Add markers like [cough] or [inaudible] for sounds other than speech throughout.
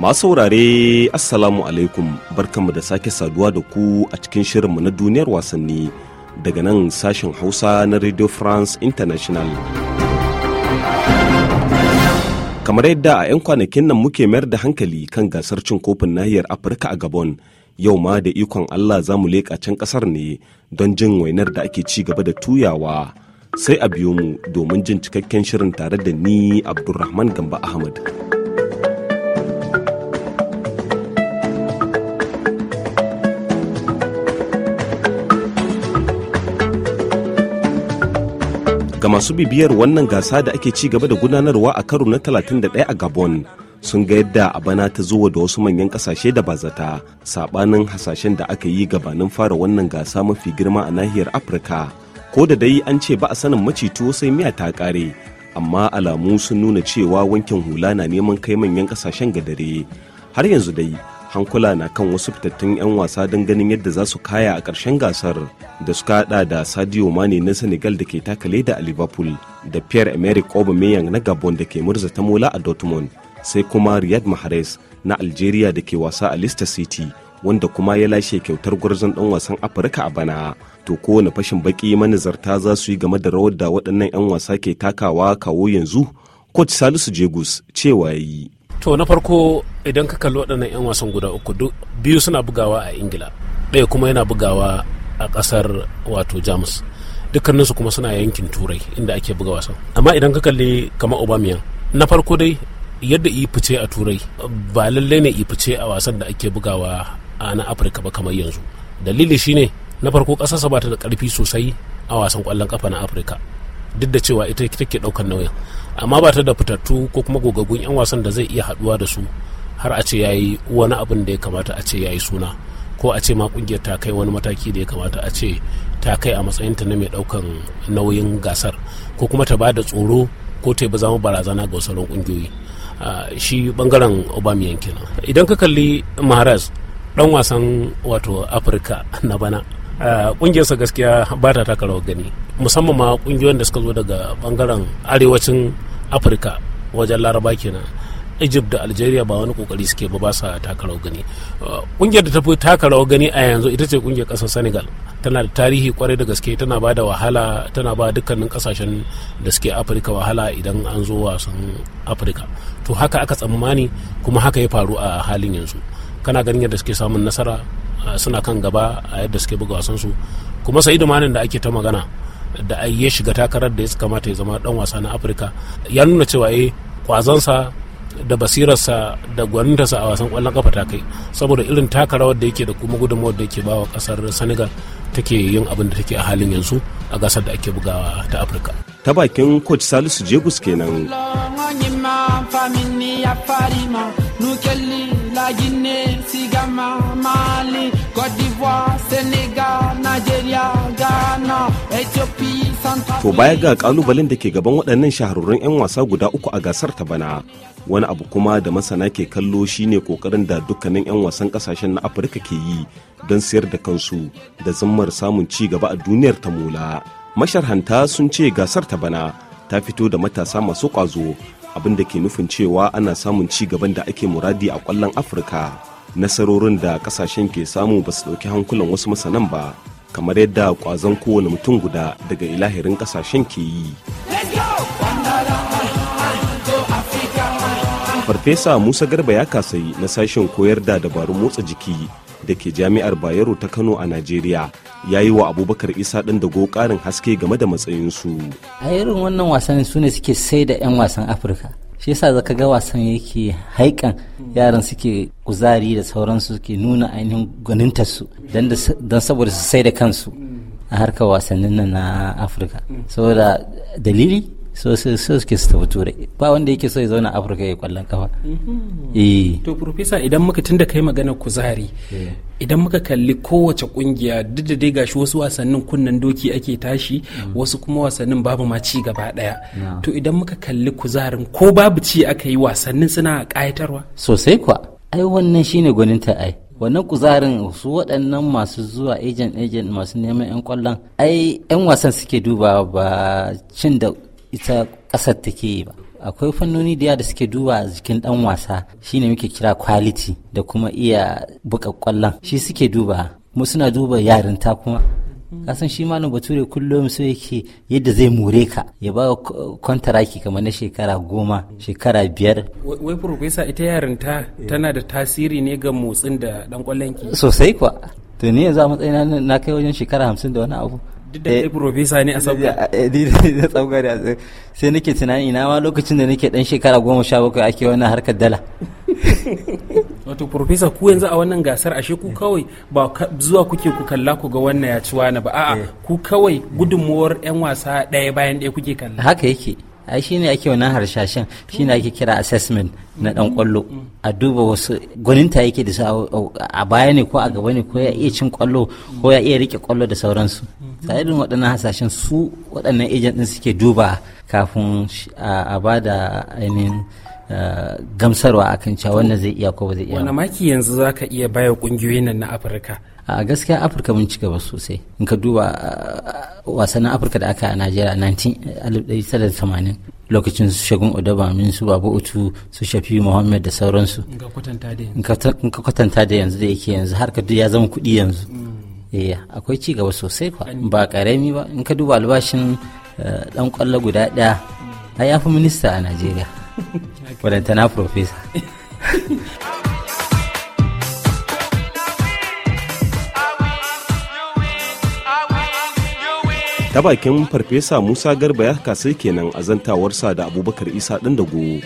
Masu saurare Assalamu alaikum barkanmu da sake saduwa da ku a cikin shirinmu na duniyar wasanni daga nan sashen Hausa na Radio France International. Kamar yadda a 'yan kwanakin nan muke mayar da hankali kan gasar cin kofin nahiyar Afirka a Gabon, yau ma da ikon Allah za mu leƙa can ƙasar ne don jin wainar da ake ci gaba da tuyawa. Sai a biyo mu domin jin cikakken shirin tare da ni Abdulrahman Gamba Ahmad. ga masu bibiyar wannan gasa da ake ci gaba da gudanarwa a karo na 31 a gabon sun ga yadda a bana ta zuwa da wasu manyan kasashe da ba zata sabanin hasashen da aka yi gabanin fara wannan gasa mafi girma a nahiyar afirka ko da dai an ce ba a sanin macito sai miya ta kare amma alamu sun nuna cewa wankin hula na neman kai manyan kasashen ga dare har yanzu dai hankula na kan wasu fitattun 'yan wasa don ganin yadda za su kaya a ƙarshen gasar da suka hada da sadio mane na senegal da ke takale da a liverpool da pierre emerick aubameyang na gabon da ke murza ta mola a dortmund sai kuma riyad mahrez na algeria da ke wasa a leicester city wanda kuma ya lashe kyautar gwarzon ɗan wasan afirka a bana to kowane fashin baki manazarta za su yi game da rawar da waɗannan 'yan wasa ke takawa kawo yanzu coach salisu jegus cewa yi to na farko idan ka kalli waɗannan 'yan wasan guda uku biyu suna bugawa a ingila ɗaya kuma yana bugawa a ƙasar wato jamus dukkaninsu kuma suna yankin turai inda ake buga wasan amma idan ka kalli kamar obamiyan na farko dai yadda yi fice a turai ba lallai ne yi fice a wasan da ake bugawa a na afirka ba kamar yanzu dalili shine na farko ƙasarsa ba ta da ƙarfi sosai a wasan ƙwallon ƙafa na afirka duk da cewa ita take ɗaukar nauyin amma ba ta da fitattu ko kuma gogaggun 'yan wasan da zai iya haduwa da su har a ce ya yi wani abin da ya kamata a ce ya yi suna ko a ce ma kungiyar ta kai wani mataki da ya kamata a ce ta kai a matsayinta na mai daukan nauyin gasar ko kuma ta ba da tsoro ko ta zama barazana ga sauran kungiyoyi shi bangaren obamiyan kenan idan ka kalli maharaz dan wasan wato afirka na bana kungiyarsa gaskiya ba ta taka rawar gani musamman ma kungiyoyin da suka zo daga bangaren arewacin afirka wajen laraba kenan egypt da algeria ba wani kokari suke ba ba sa taka gani kungiyar da ta fi taka rawar gani a yanzu ita ce kungiyar kasar senegal tana da tarihi kwarai da gaske tana ba da wahala tana ba dukkanin kasashen da suke afirka wahala idan an zo wasan afirka to haka aka tsammani kuma haka ya faru a halin yanzu kana ganin yadda suke samun nasara suna kan gaba a yadda suke buga wasansu kuma sai da ake ta magana da ya shiga takarar da ya kamata ya zama dan wasa na afirka ya nuna cewa eh kwazansa da basirarsa da gwanintarsa a wasan kwallon kafa ta kai saboda irin taka rawar da yake da kuma gudunmawar da yake bawa kasar senegal take yin abin da take a halin yanzu a gasar da ake bugawa ta afirka ta bakin coach salisu jegus kenan Mali, Côte d'Ivoire, To baya ga kalubalen da ke gaban waɗannan shahararrun 'yan wasa guda uku a gasar ta bana wani abu kuma da masana ke kallo shine kokarin da dukkanin 'yan wasan kasashen na Afirka ke yi don siyar da kansu da zammar samun ci gaba a duniyar ta mola. Masharhanta sun ce gasar ta bana ta fito da matasa masu ƙwazo abin da ke nufin cewa ana samun ci gaban da ake muradi a ƙwallon Afirka. Nasarorin da kasashen ke samu ba su ɗauki hankulan wasu masanan ba. kamar yadda kwazon kowane mutum guda daga ilahirin kasashen ke yi. Farfesa Musa Garba ya kasayi na sashen koyar da dabarun motsa jiki da ke jami'ar Bayero ta Kano a Najeriya ya yi wa Abubakar Isa ɗin da go ƙarin haske game da matsayinsu. A irin wannan wasan su ne suke sai da 'yan wasan Afirka. shi yasa zaka ga wasan yake haikan yaran suke kuzari da sauransu suke nuna ainihin gwanintarsu don saboda su sai da kansu a harkar wasannin nan na afirka saboda dalili so suke su tafi turai ba wanda yake so ya zauna afirka ya kwallon kafa mm-hmm. eh. to profesa idan muka tunda kai magana kuzari eh. idan muka kalli kowace kungiya duk da dai gashi wasu wasannin kunnen doki ake tashi mm. wasu kuma wasannin babu ma ci gaba daya to idan muka kalli kuzarin ko babu ci aka yi wasannin suna kayatarwa sosai kuwa ai wannan shine gwaninta ai wannan kuzarin su waɗannan masu zuwa agent agent masu neman 'yan kwallon ai 'yan wasan suke duba ba cin da ita ƙasar take yi ba akwai fannoni da da suke duba jikin dan wasa shine muke kira quality da kuma iya buka kwallon shi suke duba mu suna duba yarinta kuma kasan shi malam bature kullum so yake yadda zai more ka ya ba kwantaraki kamar na shekara goma shekara biyar wai profesa ita yarinta tana da tasiri ne ga motsin da dan kwallon ki sosai kuwa to yanzu a matsayina na kai wajen shekara hamsin da wani abu duk da kai eh, profesa ne a eh, sai nake tunani ina ma lokacin da nake dan shekara goma sha bakwai ake wannan harkar dala [laughs] wato profesa ku yanzu a wannan gasar ashe ku kawai ba zuwa kuke ku kalla ku ga wannan ya ci wani ba a'a eh. ku kawai gudunmuwar yan wasa ɗaya bayan ɗaya kuke kalla haka yake ai shine ake wannan harshashen shine ake kira assessment na dan kwallo a duba wasu gwaninta yake da a baya ne ko a gaba ne ko ya iya cin kwallo ko ya iya rike kwallo da sauransu sai irin waɗannan hasashen su waɗannan agent din suke duba kafin a ba da ainihin gamsarwa kan cewa wannan zai iya ko ba zai iya wani maki yanzu za ka iya baya kungiyoyin nan na afirka a gaskiya afirka mun ci gaba sosai in ka duba wasannin afirka da aka a najeriya 1980 lokacin su shagun min su babu utu su shafi muhammad da sauransu in ka kwatanta da yanzu da yake yanzu har ka ya zama kuɗi yanzu iya mm. eh, akwai cigaba gaba sosai kwa ba karami ba in ka duba albashin dan eh, kwallo guda ɗaya ya fi minista a najeriya [laughs] na profesa ta bakin farfesa musa garba ya kasai kenan azantawarsa da abubakar isa ɗan da goyo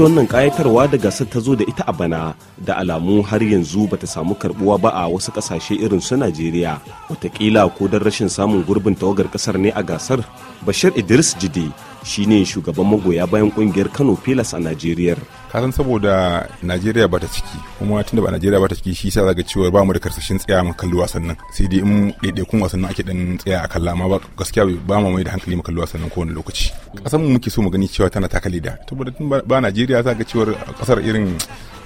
da wannan kayatarwa da gasar ta zo da ita a bana da alamu har yanzu bata samu karbuwa ba a wasu kasashe irin su najeriya watakila ko don rashin samun gurbin tawagar kasar ne a gasar bashir idris jide shine shugaban magoya bayan kungiyar kano pilas a najeriya kasan saboda najeriya ba ta ciki kuma tunda ba najeriya ba ta ciki shi sa zaga cewa ba mu da karsashin tsaya mu kalli wasannin sai dai in ɗaiɗaikun wasannin ake dan tsaya a kalla amma gaskiya ba mu mai da hankali mu kalli wasannin kowane lokaci kasan mu muke so mu gani cewa tana taka leda saboda tun ba najeriya zaga cewa kasar irin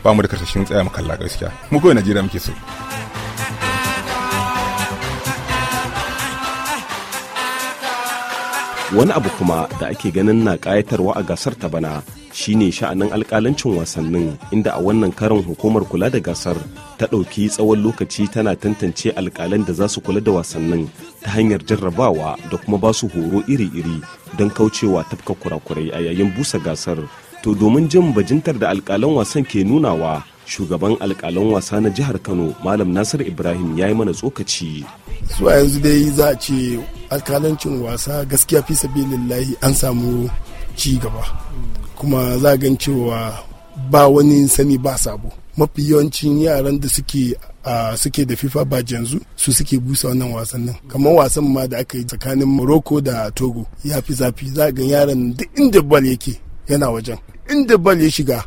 ba mu da karsashin tsaya mu kalla gaskiya mu kawai najeriya muke so wani abu kuma da ake ganin na kayatarwa a gasar ta bana shine sha'anin alkalancin wasannin inda a wannan karin hukumar kula da gasar ta ɗauki tsawon lokaci tana tantance alkalan da za su kula da wasannin ta hanyar jarrabawa da kuma ba su horo iri-iri don kaucewa tafka kurakurai a yayin busa gasar to domin jin bajintar da alkalan wasan ke nunawa shugaban alkalan wasa na jihar kano malam nasir ibrahim ya yi mana tsokaci su a yanzu dai za a ce alkalancin wasa gaskiya fi lillahi an samu ci gaba kuma za gan cewa ba wani sani ba sabo mafi yawancin yaran da suke a suke da fifa ba yanzu su suke busa wannan wasannin kamar wasan ma da aka yi tsakanin morocco da togo ya fi zafi za ga yaran da inda bal yake yana wajen inda bal ya shiga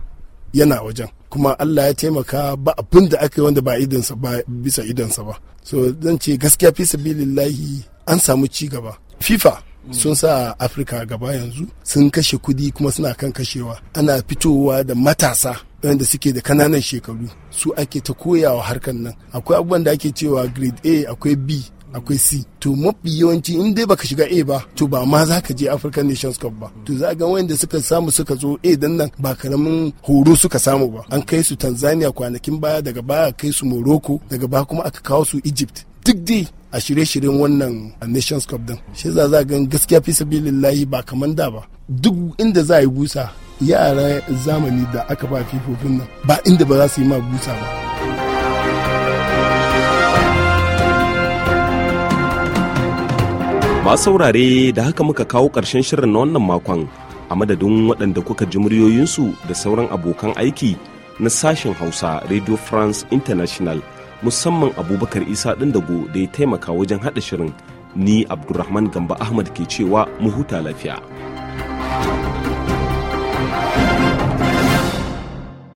yana wajen kuma allah ya taimaka ba abin da aka yi wanda ba idansa ba bisa idansa ba so zan ce gaskiya fi sabilillahi an samu ci gaba fifa sun sa afirka gaba yanzu sun kashe kudi kuma suna kan kashewa ana fitowa da matasa wanda suke da kananan shekaru su ake ta koyawa harkar nan akwai abubuwan da ake cewa grade a akwai b akwai c to mafi yawanci in dai baka shiga a ba to ba ma za ka je african nations cup ba to za ga wanda suka samu suka zo a dan nan ba karamin horo suka samu ba an kai su tanzania kwanakin baya daga baya kai su morocco daga baya kuma aka kawo su egypt duk dai a shirye-shiryen wannan nations cup din shi za za gan gaskiya fi sabilillahi ba kaman da ba duk inda za a yi busa yara zamani da aka ba fifofin nan ba inda ba za su yi ma busa ba masu saurare da haka muka kawo ƙarshen shirin na wannan makon a madadin waɗanda kuka ji muryoyinsu da sauran abokan aiki na sashen hausa radio france international musamman abubakar isa ɗin dago da ya taimaka wajen haɗa shirin ni abdulrahman gamba ahmad ke cewa mu huta lafiya.